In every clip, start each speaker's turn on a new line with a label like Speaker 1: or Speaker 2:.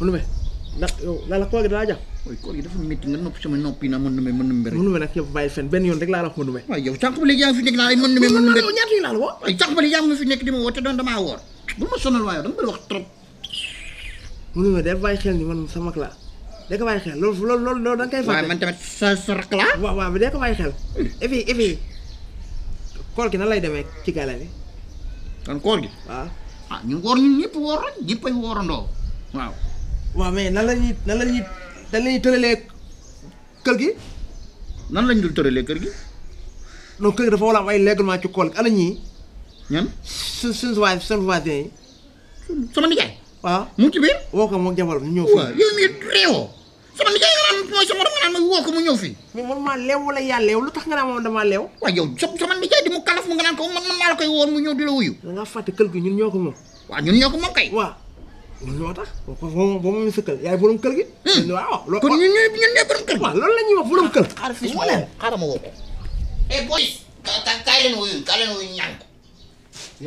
Speaker 1: Mounoumbe ndax yow laa la koor gi dalaa jàpp. mooy koor gi dafa métti nga nopp sama nopp yi naa Mounoumbe Mounoumbe rek. Mounoumbe nag yow bàyyi fen benn yoon rek laa la wax Mounoumbe. waaw yow sànq ba léegi yaa ngi fi nekk naa ay Mounoumbe Mounoumbe rek ñaata ñu laa la woo. waaye sànq ba léegi yaa ngi fi nekk di ma woo te doon damaa woor bu ma sonal waaye da nga bëri wax trop. Mounoumbe day bàyyi xel ni man sa mag laa da nga bàyyi xel loolu loolu loolu da nga koy fàtte. waaw man tamit sa sa rak laa. waaw
Speaker 2: waaw da nga bàyyi xel. et puis et puis koor gi nan lay demee ci gàllane bi. kon koor gi. waaw ah ñu woor ñun ñëpp wooroon ñëppay woorandoo waaw waaw mais nan la ñuy nan la ñuy nan la ñuy tëralee kër gi.
Speaker 1: nan lañ dul tëralee kër gi.
Speaker 2: non kër gi dafa war a am ay règlement ci kool gi ana ñii. ñan su suñu waa suñu sama nijaay. waaw mu ci biir. woo ko moom jabaram ma
Speaker 1: woo mu ñëw fii. mais man maa leew wala yaa leew lu tax nga naan moom damaa leew. waaw yow sama nijaay di mu kalaf mu nga naan ko man maa la koy woon mu ñëw di la
Speaker 2: wuyu. da ngaa fàtte kër gi ñun ñoo ko moom. waaw ñun ñoo ko moom kay. waaw. loo tax ba ma sa kër yaay borom kër gi. Hmm. kon ñun ñooy ñun ñooy borom kër gi. waaw loolu ah,
Speaker 1: ko. eh ka kaay leen wuyu kaay leen wuyu ñaan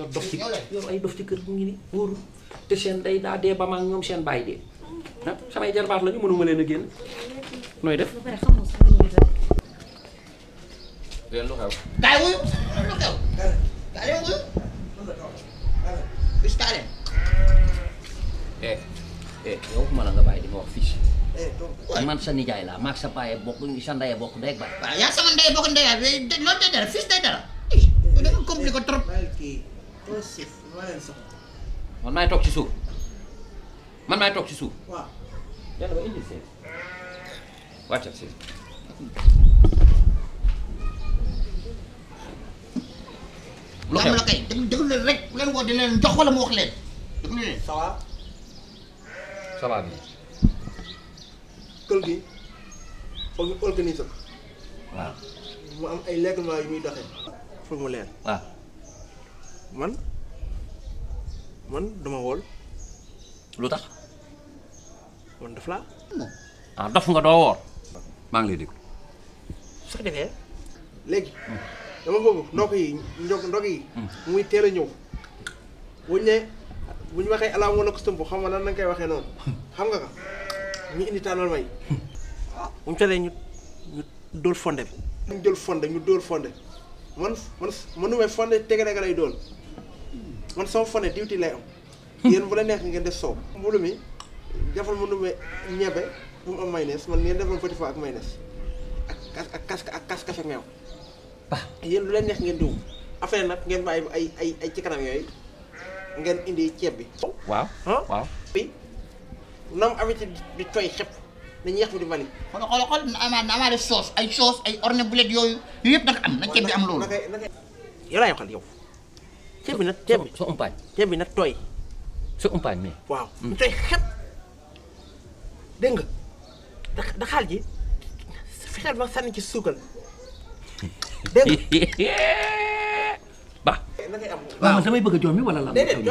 Speaker 1: dof ci kër gi ngi ni te seen day daa dee ba ma ak ñoom seen bàyyi dee. ah samay jarbaat la ñu mënuma leen a génn. nooy def. eh eh yow ma la nga bàyyi di ma wax fiche. Eh, man sa nijaay laa maag sa baay bokk sa ndey bokk ndey ak baay. waaw yaa sama bokk ndey ak day dara fiche day dara. Eh, eh, man maay toog ci suuf man maay toog ci suuf. waaw. yàlla ba indi leen rek leen woo di leen jox wala mu wax leen salaat
Speaker 2: yi. kël gi organiser ko. waaw. mu am ay règlement yu muy doxee. foog waaw. man man dama wool. lu tax. man daf laa.
Speaker 1: ah dof nga doo woor. maa ngi lay déglu.
Speaker 2: su ko defee. léegi. dama bëgg ndokk yi ndokk yi. Hmm. muy teel a wuñ ne. bu ñu waxee alaamu woon ak sëmb xam nga lan la nga waxee noonu xam nga ko ñu indi tànnal may. bu ñu tollee ñu ñu fonde bi. ñu jël fonde ñu dóol fonde man man mënumee fonde tegerega lay dool man sama fonde diwti lay am. yéen bu la neex ngeen def soow. mbulu mi defal mënumee ñebe bu mu am mayonnaise man ngeen defal petit foie ak mayonnaise ak ak kas ak kas kafe meew. Ah. yéen lu leen neex ngeen diw affaire nag ngeen bàyyi ay ay ay ci kanam yooyu. ngeen indi ceeb bi.
Speaker 3: waaw waaw.
Speaker 2: bi nam
Speaker 1: di tooy xepp dañuy yàq di mani. xool xool xool amaat na amaat sauce ay sauce ay ornebulet yooyu yëpp nag am na ceeb bi am loolu. yow laa yokkal yow. ceeb bi nag
Speaker 2: ceeb bi soo umpaañ. ceeb bi nag tooy. soo umpaañ mais. waaw mu mm. tooy xepp dégg nga daxaal ji fexeel ba sànni ci suukal
Speaker 1: la am. waaw man damay bëgg a jommi wala la. déedéet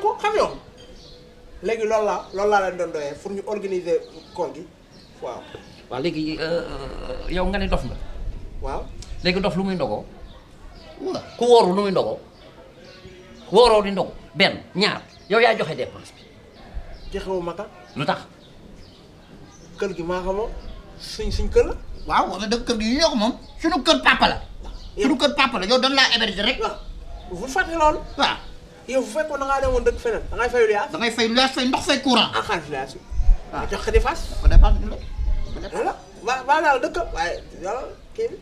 Speaker 2: ko léegi loolu laa loolu laa leen pour ñu organiser koor
Speaker 1: léegi euh, euh, yow nga ne dof nga. waaw léegi dof lu muy ndogoo. ku wóorul lu muy ndogoo. wóoroo di ndogu benn ñaar yow joxe dépense bi. joxewu ma ka. lu tax. kër gi maa xamoo suñ suñ kër la. waaw wala dëgg kër gi ñoo moom suñu kër papa la. suñu kër papa la yow dañ laa héberger rek. bu fàtte loolu. waaw yow bu fekkoon da ngaa demoon dëkk feneen da ngay fay luyaas. da ngay fay luyaas fay ndox fay courant. en ah, xaalis luyaas yi. waaw ah. jox ko dépense. jox ko dépense dundal. voilà waaw waaw daal dëkk waaye yow kii bi.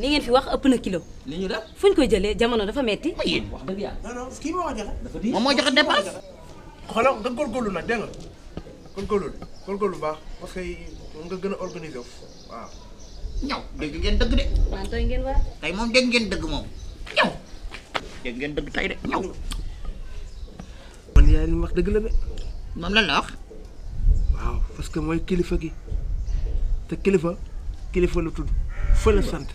Speaker 1: li ngeen fi wax ëpp na kilo. li ñu def
Speaker 2: fu ñu koy jëlee jamono dafa metti. ma yéen wax dëgg yàlla. non non kii moo ko joxe. dafa di moom moo joxe dépense. xoolal nga góorgóorlu nag dégg nga góorgóorlu góorgóorlu baax parce que nga gën a
Speaker 1: organiser waaw ñaw dégg ngeen dëgg de. waaw moom dégg ngeen dëgg moom ñaw. dégg ngeen dëgg tey de ñaw. man yaay li mu wax
Speaker 2: dëgg la de. moom lan la wax. waaw parce que mooy kilifa gi te kilifa kilifa lu tudd fa la sant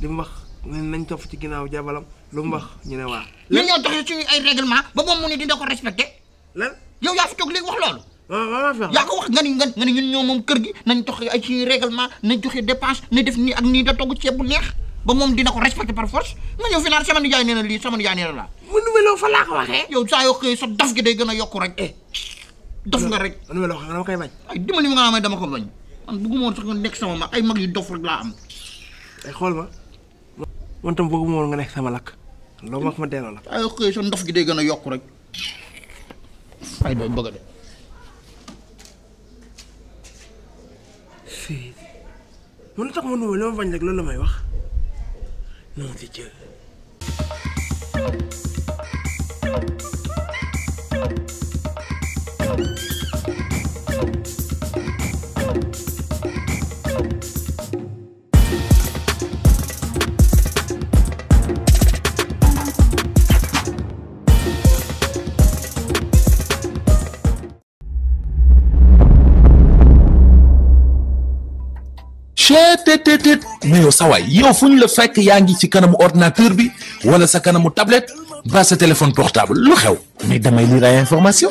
Speaker 2: li mu wax nañ topp ci ginnaaw jabalam lu mu wax ñu ne waa.
Speaker 1: lan ñoo suñu ay règlement ba moom mu ne dina ko respecté. lan yow yaa fi toog léegi wax loolu. yaa ko wax nga ni nga ni ñun ñoo moom kër gi nañ joxe ay ci règlement na joxe dépense na def nii ak nii da togg ceeb bu neex ba moom dina ko respecté par force nga ñëw financé sama nijaay nee na lii sama nijaay nee na laa. mu numeloo fa laa ko waxee. yow saa yoo xëyee sa daf gi day gën a yokku rek. Eh. dof nga rek man numeloo xam nga dama koy dama ko bañ man bëgguma woon sax nga ay mag yu dof rek eh, xool ma.
Speaker 2: man tam bëgguma woon nga nekk lakk. loo ma ma delloo la.
Speaker 1: saa yoo xëyee gi day gën a yokk rek.
Speaker 2: ay doo bëgg de fii man tax ma nuyoo li ma bañ rek loolu la may wax non di
Speaker 3: cheetetetet mais yow sawaay yow fu ñu la fekk yaa ngi ci kanamu ordinateur bi wala sa kanamu tablette basa téléphone portable lu xew mais damay lire ay information